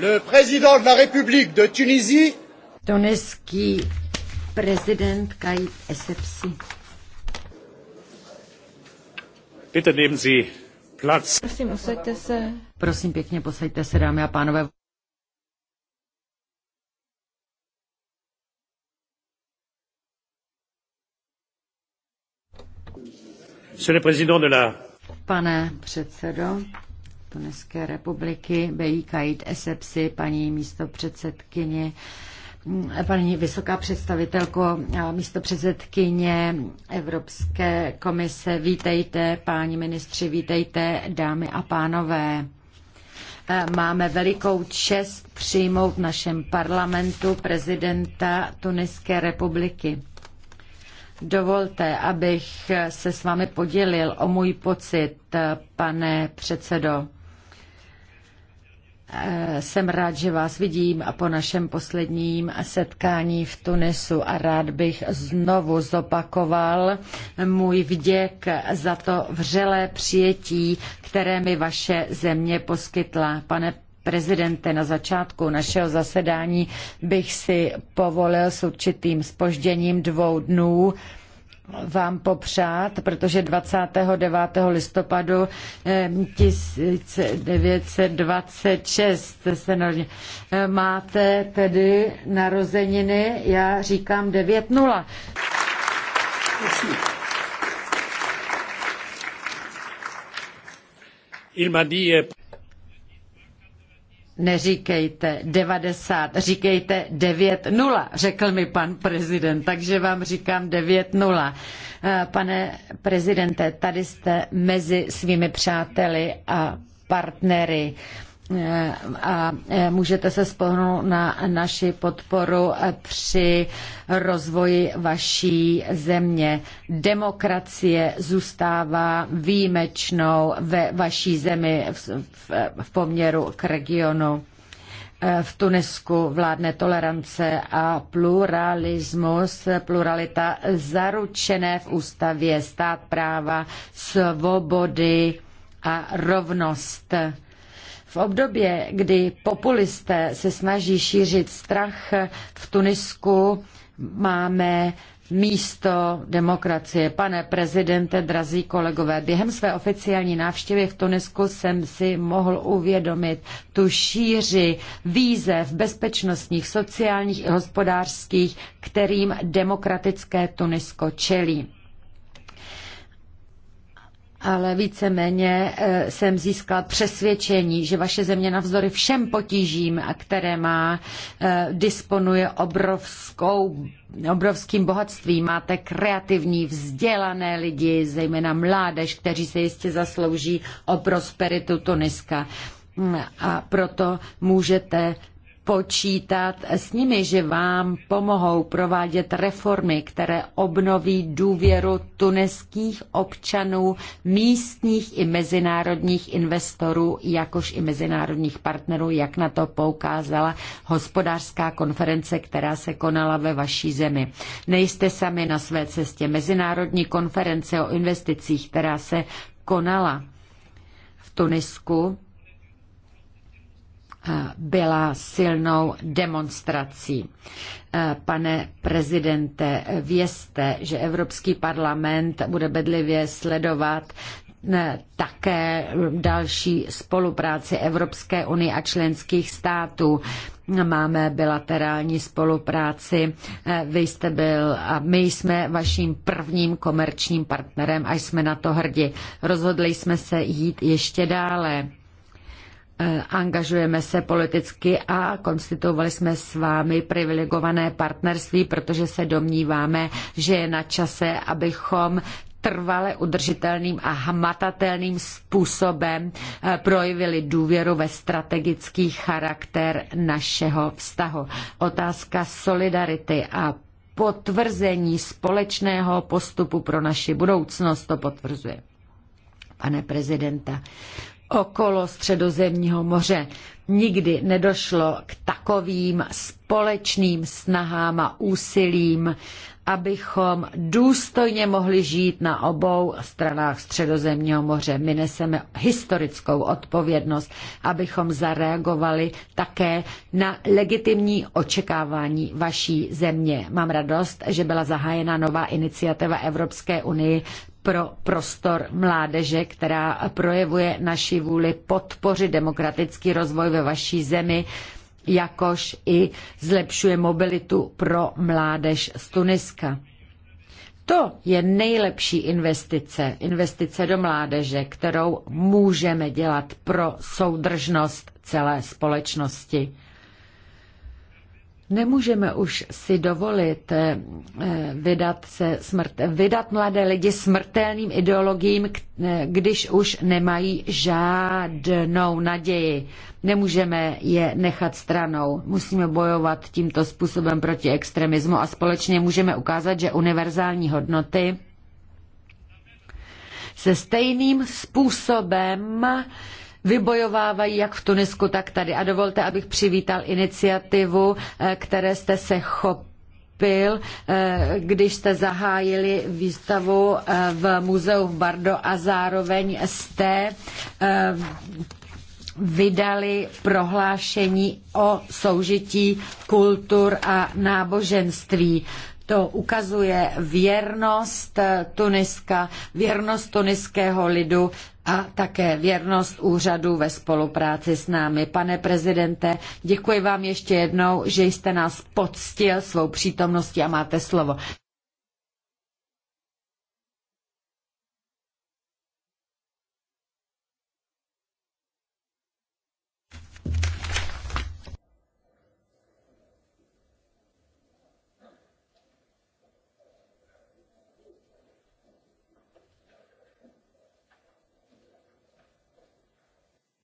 Le président de la République de Tunisie. Tuneský président Kai Esepsi. Bitte nehmen Sie Platz. Prosím, usaďte se. Prosím pěkně, posaďte se, dámy a pánové. Pane předsedo, Tuniské republiky, Bejí Kajit Esepsi, paní předsedkyně, paní vysoká představitelko, místo předsedkyně Evropské komise, vítejte, páni ministři, vítejte, dámy a pánové. Eh, máme velikou čest přijmout v našem parlamentu prezidenta Tuniské republiky. Dovolte, abych se s vámi podělil o můj pocit, eh, pane předsedo. Eh, jsem rád, že vás vidím po našem posledním setkání v Tunisu a rád bych znovu zopakoval můj vděk za to vřelé přijetí, které mi vaše země poskytla. Pane prezidente, na začátku našeho zasedání bych si povolil s určitým spožděním dvou dnů vám popřát, protože 29. listopadu 1926 eh, se eh, Máte tedy narozeniny, já říkám 9.0. Il m'a dit euh, neříkejte 90, říkejte 9-0, řekl mi pan prezident, takže vám říkám 9-0. Eh, pane prezidente, tady jste mezi svými přáteli a partnery. Eh, a eh, můžete se spolhnout na naši podporu eh, při rozvoji vaší země. Demokracie zůstává výjimečnou ve vaší zemi v, v, v poměru k regionu. V Tunisku vládne tolerance a pluralismus, pluralita zaručené v ústavě, stát práva, svobody a rovnost v období, kdy populisté se snaží šířit strach v Tunisku, máme místo demokracie. Pane prezidente, drazí kolegové, během své oficiální návštěvy v Tunisku jsem si mohl uvědomit tu šíři výzev bezpečnostních, sociálních i hospodářských, kterým demokratické Tunisko čelí ale víceméně eh, jsem získal přesvědčení, že vaše země navzdory všem potížím, a které má, eh, disponuje obrovskou, obrovským bohatstvím. Máte kreativní, vzdělané lidi, zejména mládež, kteří se jistě zaslouží o prosperitu Tuniska. Mm, a proto můžete počítat s nimi, že vám pomohou provádět reformy, které obnoví důvěru tuneských občanů, místních i mezinárodních investorů, jakož i mezinárodních partnerů, jak na to poukázala hospodářská konference, která se konala ve vaší zemi. Nejste sami na své cestě. Mezinárodní konference o investicích, která se konala v Tunisku, byla silnou demonstrací. E, pane prezidente, vězte, že Evropský parlament bude bedlivě sledovat e, také další spolupráci Evropské unie a členských států. Máme bilaterální spolupráci. E, vy jste byl a my jsme vaším prvním komerčním partnerem a jsme na to hrdi. Rozhodli jsme se jít ještě dále Eh, angažujeme se politicky a konstituovali jsme s vámi privilegované partnerství, protože se domníváme, že je na čase, abychom trvale udržitelným a hmatatelným způsobem eh, projevili důvěru ve strategický charakter našeho vztahu. Otázka solidarity a potvrzení společného postupu pro naši budoucnost to potvrzuje. Pane prezidenta, okolo Středozemního moře. Nikdy nedošlo k takovým společným snahám a úsilím, abychom důstojně mohli žít na obou stranách Středozemního moře. My neseme historickou odpovědnost, abychom zareagovali také na legitimní očekávání vaší země. Mám radost, že byla zahájena nová iniciativa Evropské unie pro prostor mládeže, která projevuje naši vůli podpořit demokratický rozvoj ve vaší zemi, jakož i zlepšuje mobilitu pro mládež z Tuniska. To je nejlepší investice, investice do mládeže, kterou můžeme dělat pro soudržnost celé společnosti. Nemůžeme už si dovolit eh, eh, vydat, se smrt, vydat mladé lidi smrtelným ideologiím, eh, když už nemají žádnou naději. Nemůžeme je nechat stranou. Musíme bojovat tímto způsobem proti extremismu a společně můžeme ukázat, že univerzální hodnoty se stejným způsobem vybojovávají jak v Tunisku, tak tady. A dovolte, abych přivítal iniciativu, eh, které jste se chopil, byl, eh, když jste zahájili výstavu eh, v muzeu v Bardo a zároveň jste vydali prohlášení o soužití kultur a náboženství. To ukazuje věrnost Tuniska, věrnost tuniského lidu a také věrnost úřadu ve spolupráci s námi. Pane prezidente, děkuji vám ještě jednou, že jste nás poctil svou přítomností a máte slovo.